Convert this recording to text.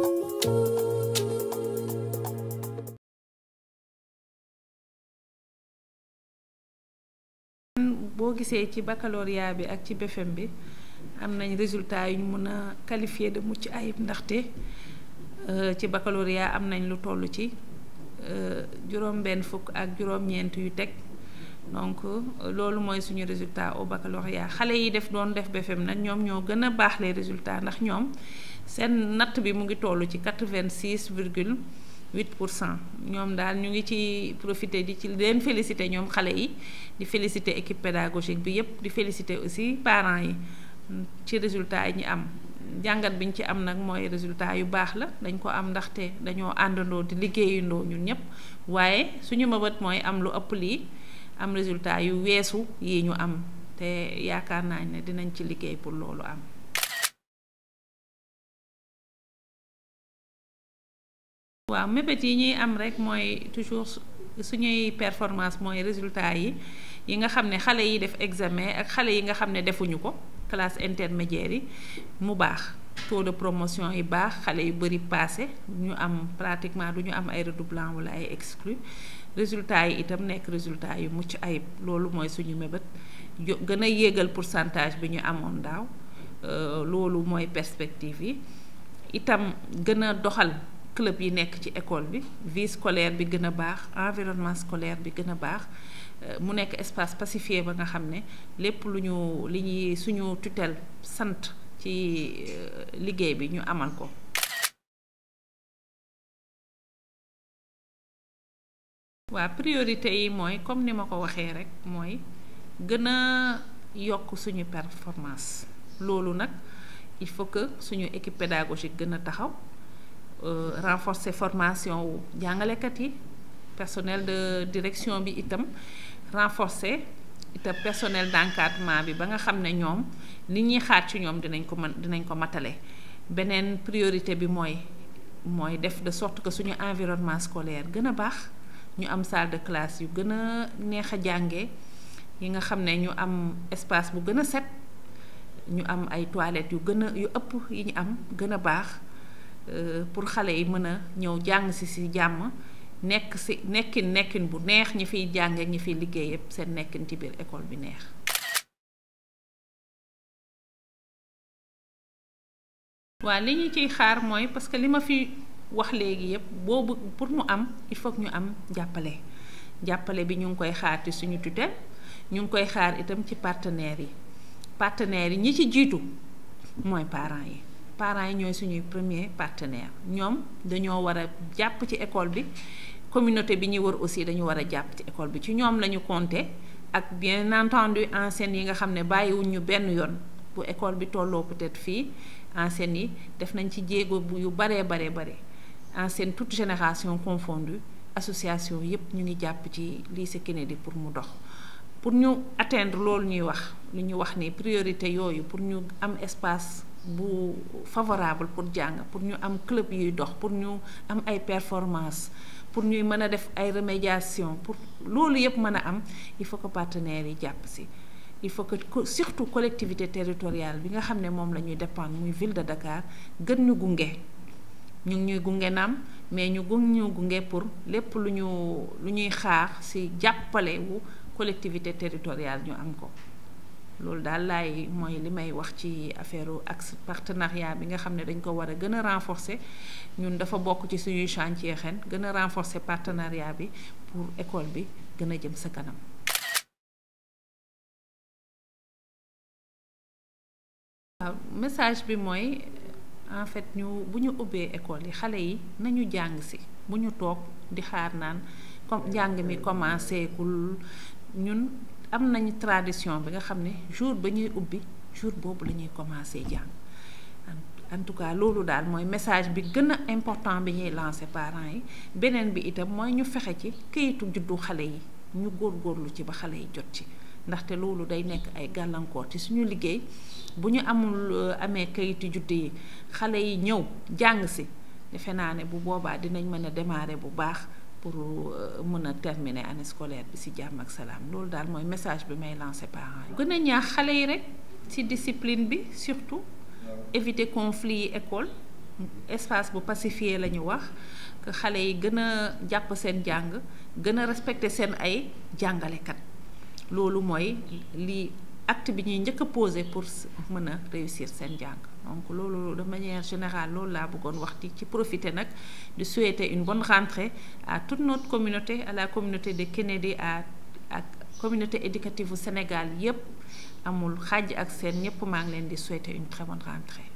boo gisee ci baccalauréat bi ak ci BFEM bi am nañ résultat yu ñu mën a qualifier de mucc ayib ndaxte euh, ci baccalauréat am nañ lu toll ci euh, juróom-benn fukk ak juróom-ñeent yu teg donc euh, loolu mooy suñu résultat au baccalauréat xale yi def doon def BFEM nag ñoom ñoo gën a baax les résultats ndax ñoom. seen natt bi mu ngi toll ci quatre-vingt-six virgule huit pour cent ñoom daal ñu ngi ci profité di ci leen félicité ñoom xale yi di félicité équipe pédagogique bi yépp di félicité aussi parent yi ci résultat yi ñu am jàngat bi ñu ci am nag mooy résultat yu baax la dañ ko am ndaxte dañoo àndandoo di liggéeyandoo ñun ñëpp waaye suñu mëbët mooy am lu ëpp lii am résultat yu weesu yi ñu am te yaakaar naa ne dinañ ci liggéey pour loolu am waaw mébét yi ñuy am rek mooy toujours suñuy performance mooy résultat yi yi nga xam ne xale yi def examen ak xale yi nga xam ne defuñu ko classe intermédiaire yi mu baax taux de promotion yi baax xale yu bëri passé ñu am pratiquement du ñu am ay redoublant wala ay exclu résultat yi itam nekk résultat yu mucc ayib loolu mooy suñu mébét jo gën a yéegal pourcentage bi ñu amoon daaw euh, loolu mooy perspective yi itam gën a doxal club yi nekk ci école bi vie scolaire bi gën a baax environnement scolaire bi gën a baax euh, mu nekk espace pacifié ba nga xam ne lépp lu ñu li ñuy suñu tutelle sant ci euh, liggéey bi ñu amal ko. waa priorité yi mooy comme ni ma ko waxee rek mooy gën a yokk suñu performance loolu nag il faut que suñu équipe pédagogique gën a taxaw. Euh, renforcer formation wu jàngalekat yi personnel de direction bi itam renforcer itam personnel d'encadrement bi ba nga xam ne ñoom li ñuy xaar ci ñoom dinañ ko mën dinañ ko matale beneen priorité bi mooy mooy def de sorte que suñu environnement scolaire gën a baax ñu am salle de classe yu gën a neex a jànge yi nga xam ne ñu am espace bu gën a set ñu am ay toilettes yu gën a yu ëpp yi ñu am gën a baax Euh, pour xale yi mën a ñëw jàng si si jàmm nekk si nekkin nekkin bu neex ñi fiy jàng ak ñi fiy liggéey yëpp seen nekkin ci biir école bi neex. waa li ñu ciy xaar mooy parce que li ma fi wax léegi yëpp boobu pour mu am il faut ñu am jàppale jàppale bi ñu ngi koy xaar ci suñu tutelle ñu ngi koy xaar itam ci partenaires yi partenaires yi ñi ci jiitu mooy parent yi. parents yi ñooy suñuy premier partenaire ñoom dañoo war a jàpp ci école bi communauté bi ñuy war aussi dañu war a jàpp ci école bi ci ñoom la ñu compter ak bien entendu enseignants yi nga xam ne bàyyiwuñ ñu benn yoon bu école bi tolloo peut-être fii enseignants yi def nañ ci jéego bu yu baree baree bare enseignants tout génération confondue association yépp ñu ngi jàpp ci lycée Kennedy pour mu dox pour ñu atteindre loolu ñuy wax lu ñu wax ni priorité yooyu pour ñu am bu favorable pour jàng pour ñu am club yuy dox pour ñu am ay performance pour ñuy mën a def ay remédiation pour loolu yëpp mën a am il faut que partenaires yi jàpp si il faut que surtout collectivité territoriale bi nga xam ne moom la ñuy dépendre muy ville de Dakar gën ñu gunge ñu ngi ñuy gunge naam mais ñu gun ñu gunge pour lépp lu ñu lu ñuy xaar ci jàppale collectivité territoriale ñu am ko loolu daal lay mooy li may wax ci affaire axe partenariat bi nga xam ne dañ ko war a gën a renforcer ñun dafa bokk ci suñuy chantier ren gën a renforcer partenariat bi pour école bi gëna jëm sa kanam. waaw message bi mooy en fait ñu bu ñu ubbee école yi xale yi nañu jàng si bu ñu toog di xaar naan comme njàng mi commencé ñun. am nañu tradition bi nga xam ne jour ba ñuy ubbi jour boobu la ñuy commencé jàng en tout cas loolu daal mooy message bi gën a important bi ñuy lancer parent yi beneen bi itam mooy ñu fexe ci kayitu juddu xale yi ñu góor góorgóorlu ci ba xale yi jot ci ndaxte loolu day nekk ay gàllankoor ci suñu liggéey bu ñu amul euh, amee kayitu juddu yi xale yi ñëw jàng si defe naa ne bu boobaa dinañ mën a démarrer bu baax pour euh, mën a terminer année scolaire bi ci jàmm ak salaam loolu daal mooy message bi may lancer parents yi. gën a ñaax xale yi rek ci discipline bi surtout éviter conflit yi école espace bu pacifié la ñu wax que xale yi gën a jàpp seen jàng gën a respecter seen ay jàngalekat loolu mooy lii. acte bi ñuy njëkk a posé pour mën a réussir seen jàng donc loolu de manière générale loolu laa bëggoon wax di ci profiter nag di souhaiter une bonne rentrée à toute notre communauté à la communauté de Kennedy à ak communauté éducative bu Sénégal yépp amul xaj ak seen ñëpp maa ngi leen di souhaiter une très bonne rentrée